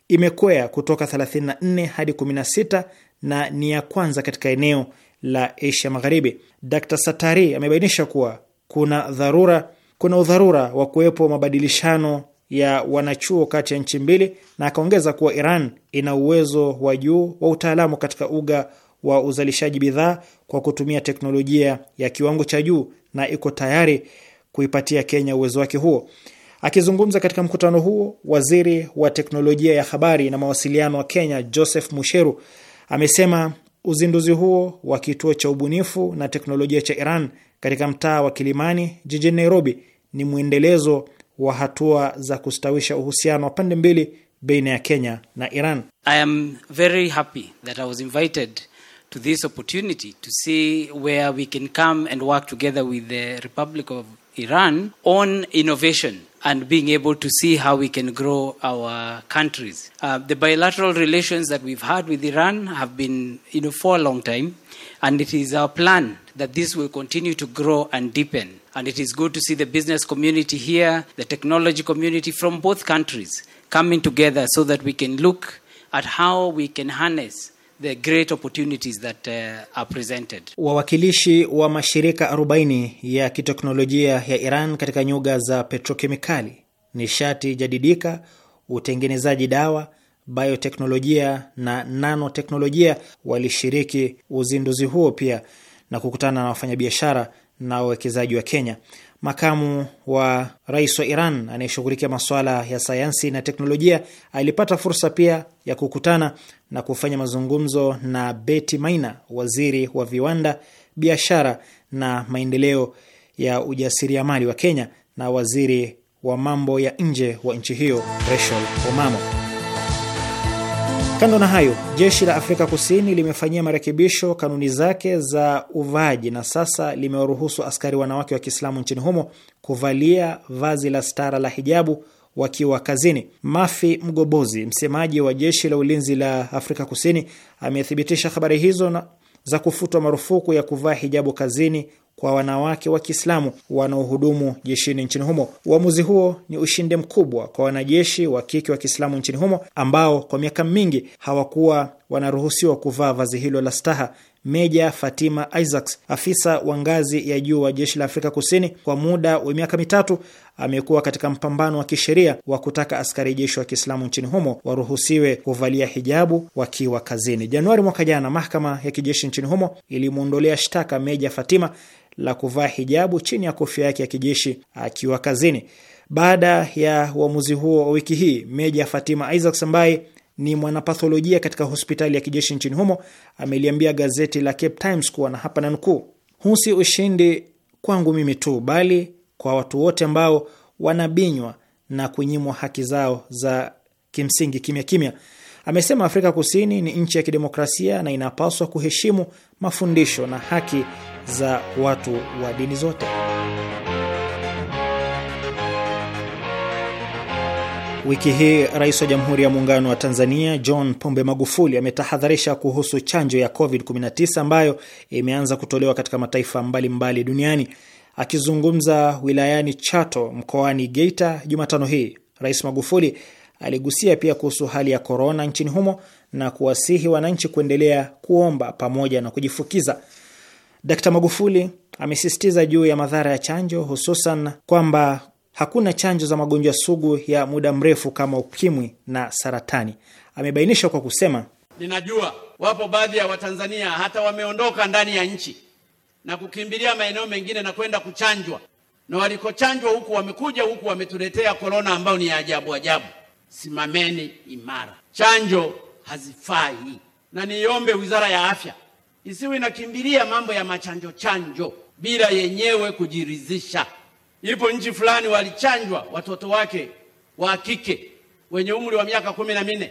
imekwea kutoka 34 hadi 16 na ni ya kwanza katika eneo la Asia Magharibi. Dr Satari amebainisha kuwa kuna dharura kuna udharura wa kuwepo mabadilishano ya wanachuo kati ya nchi mbili, na akaongeza kuwa Iran ina uwezo wa juu wa utaalamu katika uga wa uzalishaji bidhaa kwa kutumia teknolojia ya kiwango cha juu na iko tayari kuipatia Kenya uwezo wake huo. Akizungumza katika mkutano huo, waziri wa teknolojia ya habari na mawasiliano wa Kenya Joseph Musheru amesema uzinduzi huo wa kituo cha ubunifu na teknolojia cha Iran katika mtaa wa Kilimani jijini Nairobi ni mwendelezo wa hatua za kustawisha uhusiano wa pande mbili baina ya Kenya na Iran. I am very happy that I was invited to this opportunity to see where we can come and work together with the Republic of Iran on innovation and being able to see how we can grow our countries. Uh, the bilateral relations that we've had with Iran have been, you know, for a long time, and it is our plan that this will continue to grow and deepen. And it is good to see the business community here, the technology community from both countries coming together so that we can look at how we can harness the great opportunities that uh, are presented. Wawakilishi wa mashirika 40 ya kiteknolojia ya Iran katika nyuga za petrokemikali, nishati jadidika, utengenezaji dawa, bioteknolojia na nanoteknolojia walishiriki uzinduzi huo pia na kukutana na wafanyabiashara na uwekezaji wa Kenya. Makamu wa rais wa Iran anayeshughulikia masuala ya sayansi na teknolojia alipata fursa pia ya kukutana na kufanya mazungumzo na Beti Maina, waziri wa viwanda, biashara na maendeleo ya ujasiriamali wa Kenya na waziri wa mambo ya nje wa nchi hiyo Rachel Omamo. Kando na hayo, jeshi la Afrika Kusini limefanyia marekebisho kanuni zake za uvaaji na sasa limewaruhusu askari wanawake wa Kiislamu nchini humo kuvalia vazi la stara la hijabu wakiwa kazini. Mafi Mgobozi, msemaji wa jeshi la ulinzi la Afrika Kusini, amethibitisha habari hizo na za kufutwa marufuku ya kuvaa hijabu kazini kwa wanawake wa Kiislamu wanaohudumu jeshini nchini humo. Uamuzi huo ni ushindi mkubwa kwa wanajeshi wa kike wa Kiislamu nchini humo ambao kwa miaka mingi hawakuwa wanaruhusiwa kuvaa vazi hilo la staha. Meja Fatima Isaacs, afisa wa ngazi ya juu wa jeshi la Afrika Kusini, kwa muda wa miaka mitatu amekuwa katika mpambano wa kisheria wa kutaka askari jeshi wa Kiislamu nchini humo waruhusiwe kuvalia hijabu wakiwa kazini. Januari mwaka jana, mahakama ya kijeshi nchini humo ilimwondolea shtaka Meja Fatima la kuvaa hijabu chini ya kofia yake ya kijeshi akiwa kazini. Baada ya uamuzi huo wa wiki hii, Meja Fatima Isaacs ambaye ni mwanapatholojia katika hospitali ya kijeshi nchini humo, ameliambia gazeti la Cape Times kuwa na hapa na nukuu, huu si ushindi kwangu mimi tu, bali kwa watu wote ambao wanabinywa na kunyimwa haki zao za kimsingi kimya kimya. Amesema Afrika Kusini ni nchi ya kidemokrasia na inapaswa kuheshimu mafundisho na haki za watu wa dini zote. Wiki hii rais wa Jamhuri ya Muungano wa Tanzania John Pombe Magufuli ametahadharisha kuhusu chanjo ya COVID-19 ambayo imeanza kutolewa katika mataifa mbalimbali mbali duniani. Akizungumza wilayani Chato mkoani Geita Jumatano hii, Rais Magufuli aligusia pia kuhusu hali ya korona nchini humo na kuwasihi wananchi kuendelea kuomba pamoja na kujifukiza. Dkt Magufuli amesisitiza juu ya madhara ya chanjo, hususan kwamba hakuna chanjo za magonjwa sugu ya muda mrefu kama ukimwi na saratani. Amebainisha kwa kusema, ninajua wapo baadhi ya Watanzania hata wameondoka ndani ya nchi na kukimbilia maeneo mengine na kwenda kuchanjwa, na walikochanjwa huku wamekuja huku wametuletea korona ambayo ni ya ajabu ajabu. Simameni imara, chanjo hazifai, na niiombe Wizara ya Afya isiwe inakimbilia mambo ya machanjo chanjo bila yenyewe kujiridhisha. Ipo nchi fulani walichanjwa watoto wake wa kike wenye umri wa miaka kumi na minne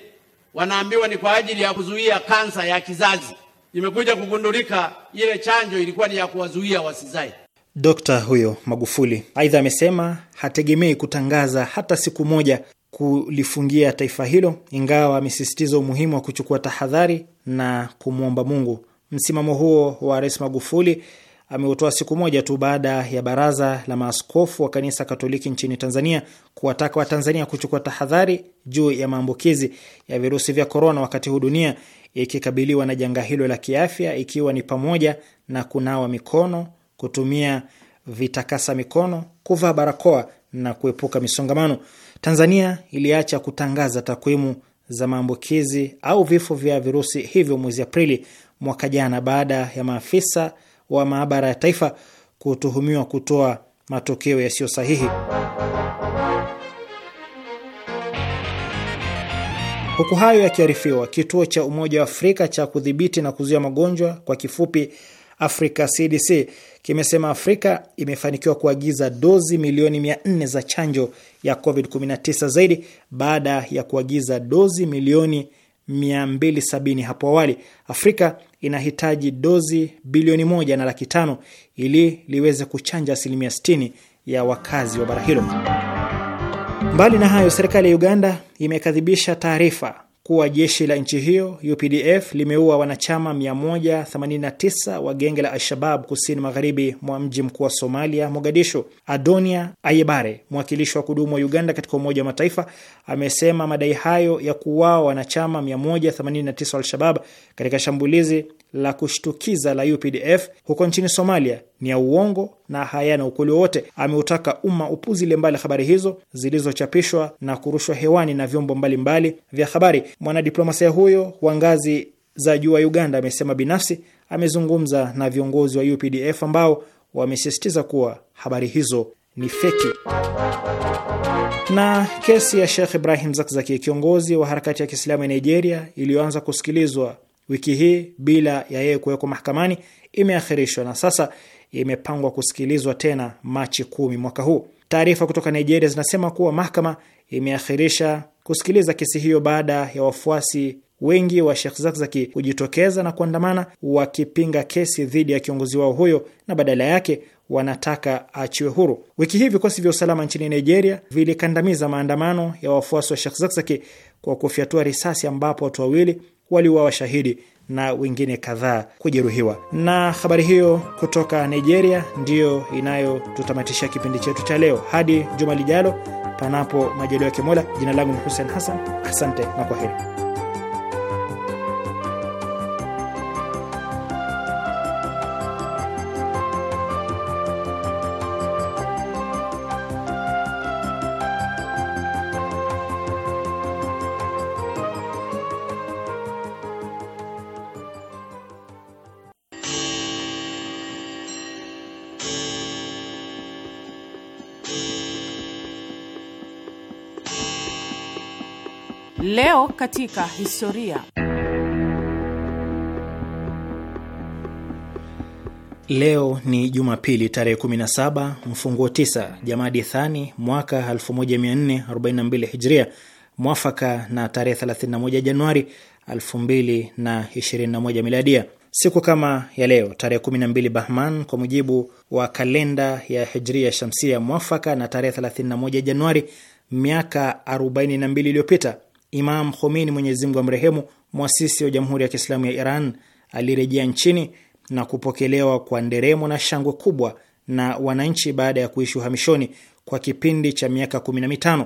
wanaambiwa ni kwa ajili ya kuzuia kansa ya kizazi. Imekuja kugundulika ile chanjo ilikuwa ni ya kuwazuia wasizae. Dokta huyo Magufuli aidha amesema hategemei kutangaza hata siku moja kulifungia taifa hilo, ingawa amesisitiza umuhimu wa kuchukua tahadhari na kumwomba Mungu. Msimamo huo wa Rais Magufuli ameutoa siku moja tu baada ya baraza la maaskofu wa kanisa Katoliki nchini Tanzania kuwataka Watanzania kuchukua tahadhari juu ya maambukizi ya virusi vya korona, wakati huu dunia ikikabiliwa na janga hilo la kiafya, ikiwa ni pamoja na kunawa mikono, kutumia vitakasa mikono, kuvaa barakoa na kuepuka misongamano. Tanzania iliacha kutangaza takwimu za maambukizi au vifo vya virusi hivyo mwezi Aprili mwaka jana baada ya maafisa wa maabara ya taifa kutuhumiwa kutoa matokeo yasiyo sahihi. Huku hayo yakiarifiwa, kituo cha Umoja wa Afrika cha kudhibiti na kuzuia magonjwa kwa kifupi Africa CDC kimesema Afrika imefanikiwa kuagiza dozi milioni 400 za chanjo ya COVID-19 zaidi baada ya kuagiza dozi milioni 270 hapo awali. Afrika inahitaji dozi bilioni moja na laki tano ili liweze kuchanja asilimia 60 ya wakazi wa bara hilo. Mbali na hayo, serikali ya Uganda imekadhibisha taarifa kuwa jeshi la nchi hiyo UPDF limeua wanachama 189 wa genge la Al-Shabab kusini magharibi mwa mji mkuu wa Somalia, Mogadishu. Adonia Ayebare, mwakilishi wa kudumu wa Uganda katika Umoja wa Mataifa, amesema madai hayo ya kuuawa wanachama 189 wa Al-Shabab katika shambulizi la kushtukiza la UPDF huko nchini Somalia ni ya uongo na hayana ukweli wowote. Ameutaka umma upuzile mbali habari hizo zilizochapishwa na kurushwa hewani na vyombo mbalimbali mbali vya habari. Mwanadiplomasia huyo wa ngazi za juu wa Uganda amesema binafsi amezungumza na viongozi wa UPDF ambao wamesisitiza kuwa habari hizo ni feki. Na kesi ya Sheikh Ibrahim Zakzaki, kiongozi wa harakati ya Kiislamu ya Nigeria, iliyoanza kusikilizwa wiki hii bila ya yeye kuwekwa mahakamani imeakhirishwa na sasa imepangwa kusikilizwa tena Machi kumi mwaka huu. Taarifa kutoka Nigeria zinasema kuwa mahakama imeakhirisha kusikiliza kesi hiyo baada ya wafuasi wengi wa Shekh Zakzaki kujitokeza na kuandamana wakipinga kesi dhidi ya kiongozi wao huyo, na badala yake wanataka achiwe huru. Wiki hii vikosi vya usalama nchini Nigeria vilikandamiza maandamano ya wafuasi wa Shekh Zakzaki kwa kufyatua risasi, ambapo watu wawili waliuawa washahidi na wengine kadhaa kujeruhiwa. Na habari hiyo kutoka Nigeria ndiyo inayotutamatishia kipindi chetu cha leo. Hadi juma lijalo, panapo majaliwa ya kimola Jina langu ni Hussein Hassan, asante na kwa heri Leo katika historia. Leo ni Jumapili tarehe 17 mfunguo 9 Jamadi Thani mwaka 1442 Hijria, mwafaka na tarehe 31 Januari 2021 Miladia. Siku kama ya leo tarehe 12 Bahman kwa mujibu wa kalenda ya Hijria Shamsia, mwafaka na tarehe 31 Januari miaka 42 iliyopita Imam Khomeini, Mwenyezi Mungu amrehemu, mwasisi wa Jamhuri ya Kiislamu ya Iran, alirejea nchini na kupokelewa kwa nderemo na shangwe kubwa na wananchi baada ya kuishi uhamishoni kwa kipindi cha miaka 15.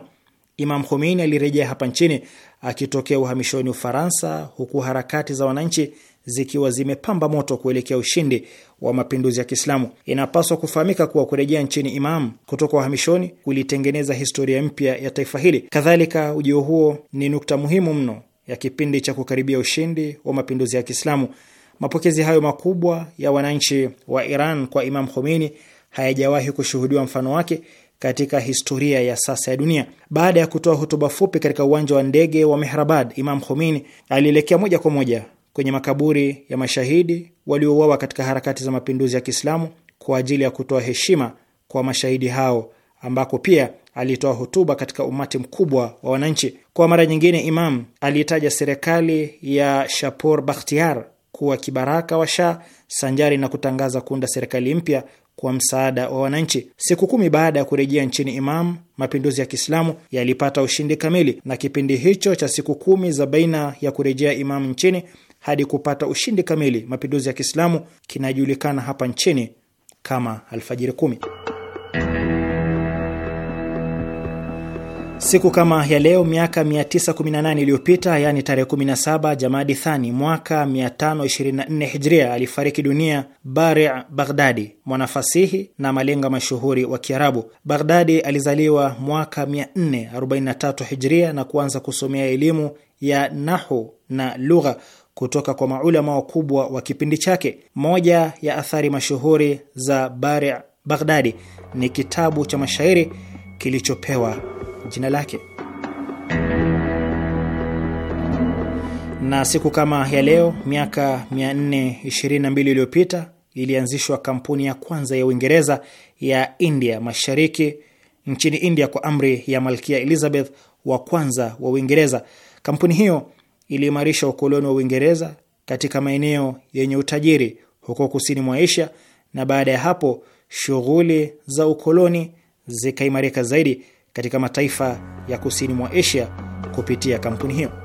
Imam Khomeini alirejea hapa nchini akitokea uhamishoni Ufaransa, huku harakati za wananchi zikiwa zimepamba moto kuelekea ushindi wa mapinduzi ya Kiislamu. Inapaswa kufahamika kuwa kurejea nchini Imam kutoka uhamishoni kulitengeneza historia mpya ya taifa hili. Kadhalika, ujio huo ni nukta muhimu mno ya kipindi cha kukaribia ushindi wa mapinduzi ya Kiislamu. Mapokezi hayo makubwa ya wananchi wa Iran kwa Imam Khomeini hayajawahi kushuhudiwa mfano wake katika historia ya sasa ya dunia. Baada ya kutoa hotuba fupi katika uwanja wa ndege wa Mehrabad, Imam Khomeini alielekea moja kwa moja kwenye makaburi ya mashahidi waliouawa katika harakati za mapinduzi ya Kiislamu kwa ajili ya kutoa heshima kwa mashahidi hao, ambako pia alitoa hotuba katika umati mkubwa wa wananchi. Kwa mara nyingine, Imam aliitaja serikali ya Shapor Bakhtiar kuwa kibaraka wa Shah sanjari na kutangaza kuunda serikali mpya kwa msaada wa wananchi. Siku kumi baada ya kurejea nchini Imam, mapinduzi ya Kiislamu yalipata ushindi kamili, na kipindi hicho cha siku kumi za baina ya kurejea Imam nchini hadi kupata ushindi kamili mapinduzi ya Kiislamu kinajulikana hapa nchini kama Alfajiri Kumi. Siku kama ya leo miaka 918 iliyopita, yaani tarehe 17 Jamadi Thani mwaka 524 Hijria, alifariki dunia Bari Baghdadi, mwanafasihi na malenga mashuhuri wa Kiarabu. Baghdadi alizaliwa mwaka 443 Hijria na kuanza kusomea elimu ya nahu na lugha kutoka kwa maulama wakubwa wa kipindi chake. Moja ya athari mashuhuri za Bari Baghdadi ni kitabu cha mashairi kilichopewa jina lake. Na siku kama ya leo miaka 422 iliyopita ilianzishwa kampuni ya kwanza ya Uingereza ya India Mashariki nchini India kwa amri ya Malkia Elizabeth wa kwanza wa Uingereza. Kampuni hiyo iliimarisha ukoloni wa Uingereza katika maeneo yenye utajiri huko kusini mwa Asia, na baada ya hapo shughuli za ukoloni zikaimarika zaidi katika mataifa ya kusini mwa Asia kupitia kampuni hiyo.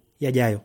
yajayo.